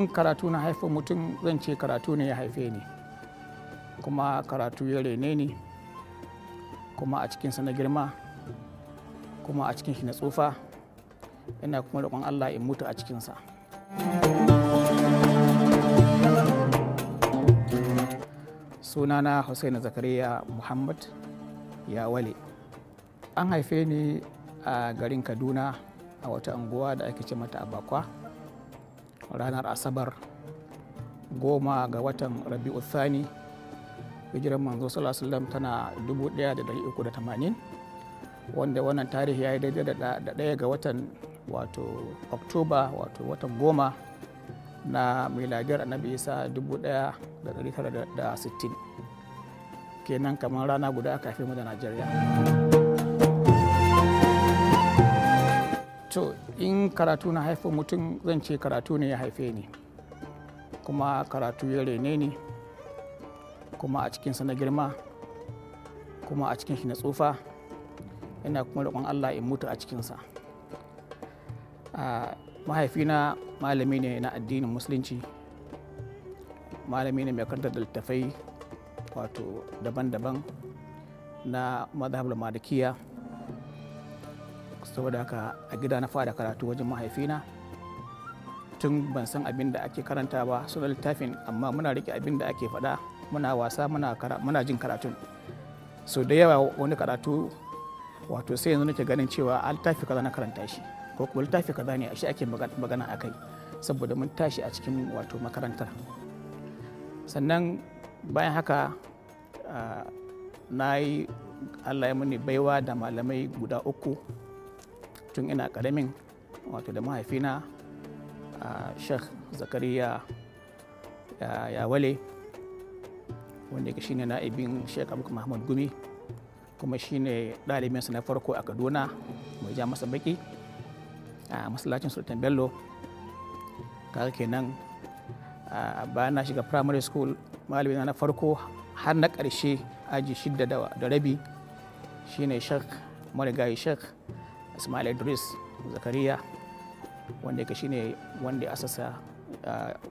in karatu na haifa mutum zan ce karatu ne ya haife ni kuma karatu ya rene ni kuma a cikinsa na girma kuma a cikin shi na tsufa ina kuma roƙon allah in mutu a cikinsa sunana hussain zakariya muhammad ya wale an haife ni a garin kaduna a wata unguwa da ake ce mata abakwa ranar asabar goma ga watan rabi'u thani hijiran manzo sallallahu tana 1380 wanda wannan tarihi ya yi daidai da ɗaya ga watan wato oktoba wato watan goma na miladiyar annabi isa 1960 kenan kamar rana guda kafin mu da najeriya to in karatu na haifa mutum zan ce karatu ne ya haife ni kuma karatu ya rene ni kuma a cikinsa na girma kuma a cikin shi na tsufa ina kuma roƙon allah in mutu a cikinsa mahaifina malami ne na addinin musulunci malami ne mai karanta da littafai wato daban-daban na mazhabar malikiya saboda haka a gida na fara karatu wajen mahaifina tun ban san abin da ake karanta ba suna littafin amma muna rike abin da ake faɗa muna wasa muna jin karatun so da yawa wani karatu wato sai yanzu nake ganin cewa a littafi kaza na karanta shi ko kuma littafi kaza ne a shi ake magana a kai saboda mun tashi a cikin wato makarantar sannan bayan haka ah, na yi allah ya muni baiwa da malamai guda uku tun ina karamin wato da mahaifina a sheikh zakariya yawale wanda yake shine na'ibin sheikh abu mahmud gumi kuma shine ɗalibinsa na farko a kaduna mai ja masa baki a masallacin sultan bello kaga kenan bayan na shiga primary school malamina na farko har na ƙarshe aji shidda da rabi shine shek marigayi shek ismail idris zakariya wanda yake shine wanda ya asasa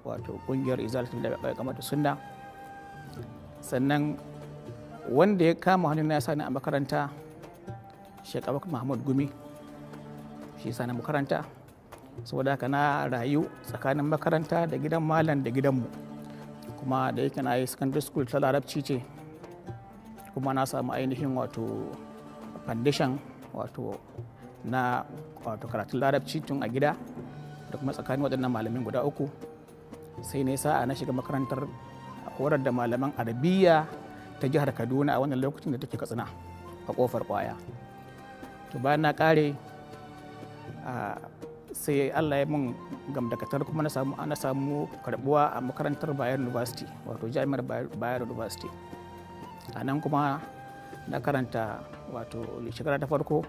wato kungiyar izalatu da bai kamata sunna sannan wanda ya kama hannun na sani a makaranta shekabak mahmud gumi shi sani makaranta saboda haka na rayu tsakanin makaranta da gidan malam da gidanmu kuma da yake na yi secondary school ta larabci ce kuma na samu ainihin wato foundation wato na wato karatun larabci tun a gida da kuma tsakanin waɗannan malamin guda uku sai ne sa'a na shiga makarantar horar da malaman arabiya ta jihar kaduna a wannan lokacin da take katsina a kofar kwaya to bayan na kare sai allah ya mun gamdakatar kuma na samu ana samu karbuwa a makarantar bayero university wato jami'ar bayero university a nan kuma na karanta wato shekara ta farko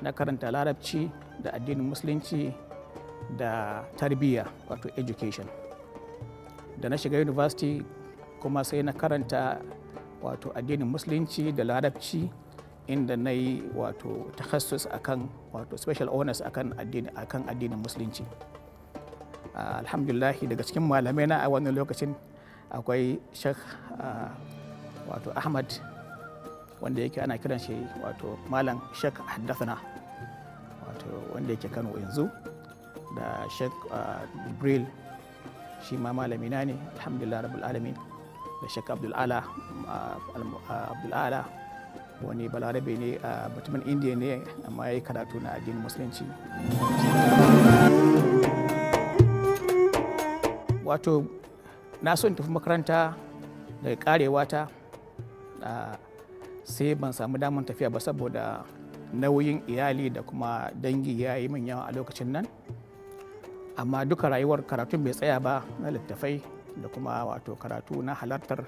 na karanta larabci da addinin musulunci da tarbiyya wato education da na shiga university kuma sai na karanta wato addinin musulunci da larabci inda na yi wato takhasus akan wato special honors akan addinin akan addinin musulunci ah, alhamdulillah daga cikin malamai na a wannan lokacin akwai sheikh ah, wato ahmad wanda yake ana kiran shi wato malam shek haddathana wato wanda yake kano yanzu da shek ah, jibril shi ma malami ne alhamdulillah rabbul alamin da shek abdul ala ah, ah, abdul ala wani balarabe ne mutumin indiya ne amma ya yi karatu na addinin musulunci wato na son tafi makaranta daga karewa ta sai ban samu damar tafiya ba saboda nauyin iyali da kuma dangi ya yi min yawa a lokacin nan amma duka rayuwar karatun bai tsaya ba na littafai da kuma wato karatu na halartar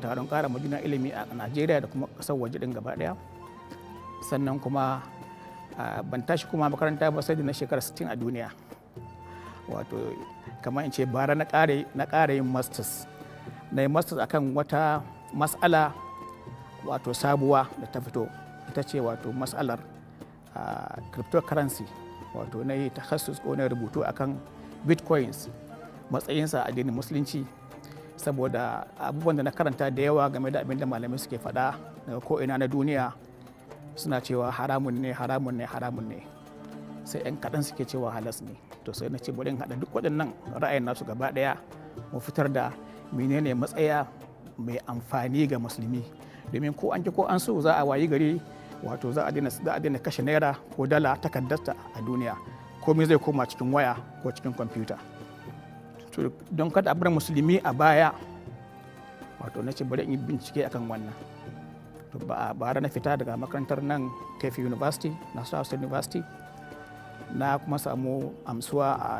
taron kara majuna ilimi a najeriya da kuma kasar waje din gaba daya sannan kuma ban tashi kuma makaranta ba sai da na shekara 60 a duniya wato kamar in ce bara na ƙara yin masters na yi masters akan wata mas'ala wato sabuwa da ta fito ita ce wato matsalar cryptocurrency wato na yi takhasus ko na rubutu akan bitcoins matsayinsa a addinin musulunci saboda abubuwan da na karanta da yawa game da abin da malamai suke faɗa daga ko'ina na duniya suna cewa haramun ne haramun ne haramun ne sai 'yan kaɗan suke cewa halas ne to sai na ce bari haɗa duk waɗannan ra'ayin nasu gaba ɗaya mu fitar da menene matsaya mai amfani ga musulmi domin ko an ki ko an so za a wayi gari wato za a daina kashe naira ko dala takardarta a duniya komai zai koma cikin waya ko cikin kwamfuta don kada a bar musulmi a baya wato na ce bari in yi bincike akan wannan to ba bara na fita daga makarantar nan kefi university na south university na kuma samu amsuwa a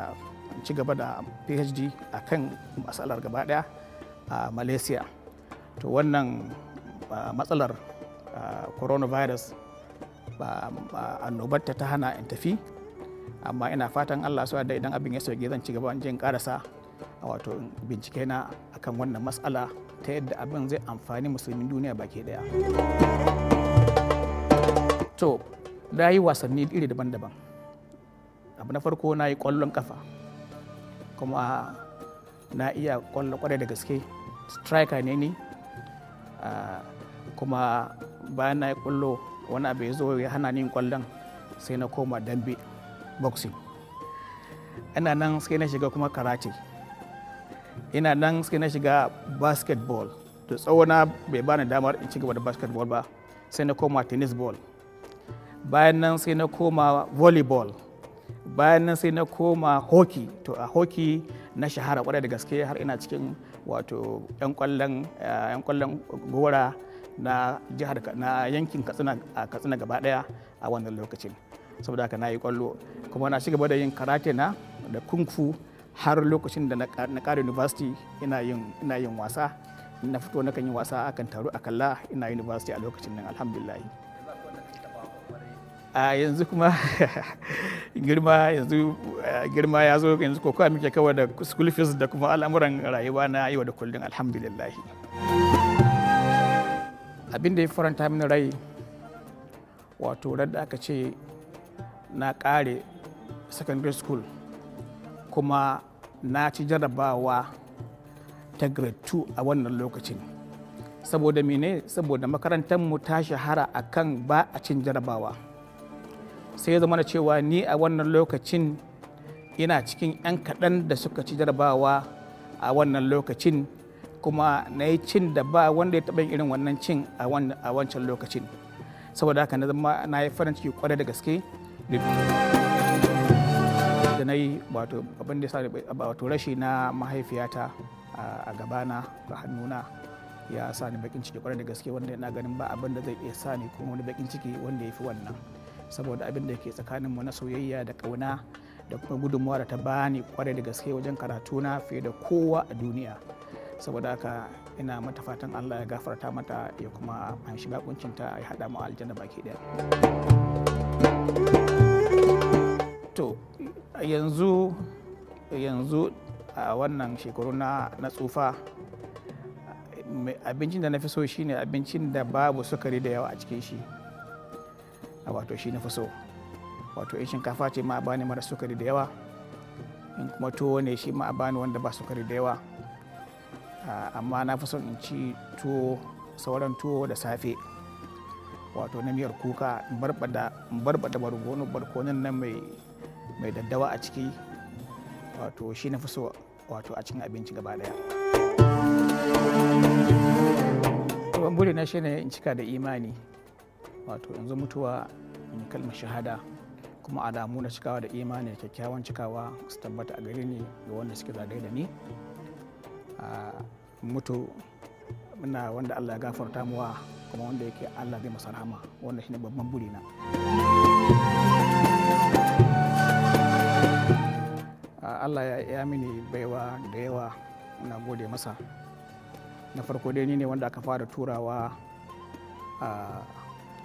ci gaba da phd a kan matsalar gaba daya a malaysia to wannan matsalar coronavirus ba annobarta ta hana in tafi amma ina fatan allah su da idan abin ya sauke zan ci gaba in karasa a wato bincike na akan wannan matsala ta yadda abin zai amfani musulmin duniya baki daya to na yi wasanni iri daban-daban abu na farko na yi kwallon kafa kuma na iya kwallo kwarai da gaske striker ne ni kuma bayan na yi kullo wani abu ya zo ya hana ni kwallon sai na koma dambe boxing ina nan sai na shiga kuma karate ina nan sai na shiga basketball to tsawona bai bani damar in ci gaba da basketball ba sai na koma tennis ball bayan nan sai na koma volleyball bayan nan sai na koma hockey to a hockey na shahara kwarai da gaske har ina cikin wato 'yan kwallon eh, gora na jihar na yankin katsina a katsina gaba daya a wannan lokacin saboda haka na yi kwallo kuma na shiga da yin karate na da kung fu har lokacin da na kare university ina yin ina yin wasa na fito na kan yi wasa akan taru a kalla ina university a lokacin nan alhamdulillah a yanzu kuma girma yanzu girma ya zo yanzu kokowa muke kawai da school fees da kuma al'amuran rayuwa na yau da kullum alhamdulillah abin da ya faranta mini rai wato da aka ce na kare secondary school kuma na ci jarabawa ta grade 2 a wannan lokacin saboda mene saboda makarantarmu ta shahara a kan ba a cin jarabawa sai ya zama na cewa ni a wannan lokacin ina cikin 'yan kaɗan da suka ci jarabawa a wannan lokacin kuma na yi cin da ba wanda ya taɓa irin wannan cin a wancan lokacin saboda haka na zama na yi farin ciki kwarai da gaske da na yi wato abin da wato rashi na mahaifiyata a gabana a hannuna ya sa ni bakin ciki kwarai da gaske wanda ina ganin ba abin da zai iya sa ni kuma wani bakin ciki wanda ya fi wannan saboda abin da ke tsakanin mu na soyayya da kauna da kuma gudunmawa da ta bani kwarai da gaske wajen karatuna fiye da kowa a duniya saboda haka ina mata fatan Allah ya gafarta mata ya kuma an shiga kuncinta ya hada mu aljanna baki ɗaya to yanzu yanzu a wannan shekaru na tsufa abincin da na fi so shine abincin da babu sukari da yawa a cikin shi wato shi na fi so wato in shinkafa ce ma a bani mara sukari da yawa in kuma tuwo ne shi ma a bani wanda ba sukari da yawa Ah, amma na fi son in ci tuwo sauran tuwo da safe wato na miyar kuka barbada bargono barkonin nan mai daddawa a ciki wato shi na fi so wato a cikin abinci gaba daya buri na shine in cika da imani wato yanzu mutuwa in kalmar shahada kuma alamu na cikawa da imani da kyakkyawan cikawa su tabbata a gari ne ga wanda suke zagaye da ni mutu muna wanda Allah ya gafarta muwa kuma wanda yake Allah zai masa rahama wannan shine babban burina Allah ya ya mini baiwa da yawa na gode masa na farko dai ni ne wanda aka fara turawa a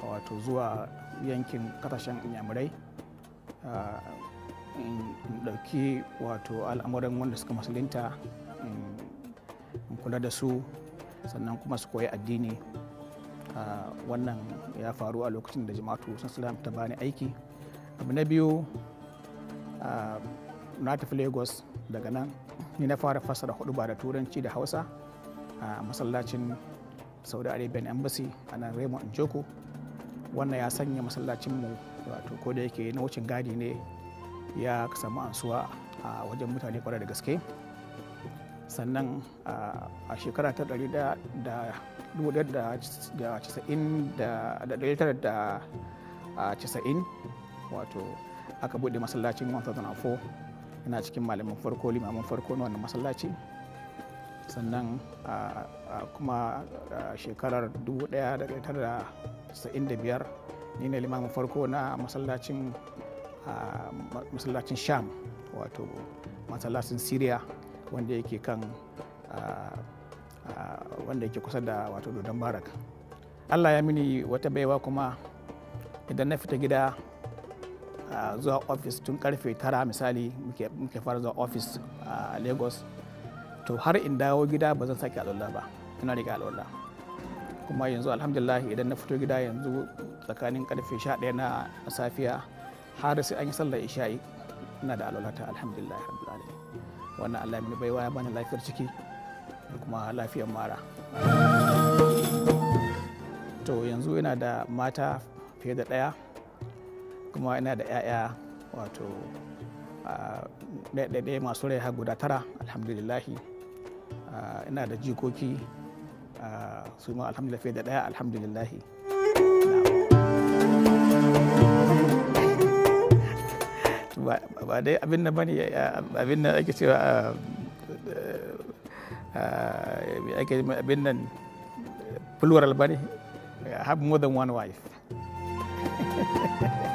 wato zuwa yankin kasashen inyamurai in ɗauki wato al'amuran wanda suka musulunta kula da su sannan kuma su koyi addini wannan ya faru a lokacin da jama'atu sun salam ta bani aiki abu na biyu na tafi lagos daga nan ni na fara fassara hudu ba da turanci da hausa a masallacin saudi arabian embassy a nan raymond njoku wannan ya sanya masallacinmu wato ko da yake na wucin gadi ne ya samu ansuwa a wajen mutane kwarar da gaske sannan a shekara ta 1990 wato aka buɗe masallacin 1004 ina cikin malamin farko limamin farko na wannan masallaci sannan kuma shekarar 1995 ni ne limamin farko na masallacin sham wato masallacin syria wanda yake kan wanda yake kusa da wato dodon barak allah ya mini wata baiwa kuma idan na fita gida zuwa ofis tun karfe tara misali muke fara zuwa ofis a lagos to har in dawo gida ba zan sake alwala ba ina riƙe alwala kuma yanzu alhamdulillah idan na fito gida yanzu tsakanin karfe 11 na safiya har sai an yi sallar isha'i ina da alwalata alhamdulillah rabbil alamin wannan Allah mini baiwa ya bani lafiyar ciki da kuma lafiyar mara to yanzu ina da mata fiye da ɗaya kuma ina da 'ya'ya wato ɗaiɗaiɗe masu rai har guda tara alhamdulillahi ina da jikoki su ma alhamdulillah fiye da ɗaya alhamdulillahi ba dai abin na bane eh, eh, abin nan ake cewa eh, ake abin nan plural bane have more than one wife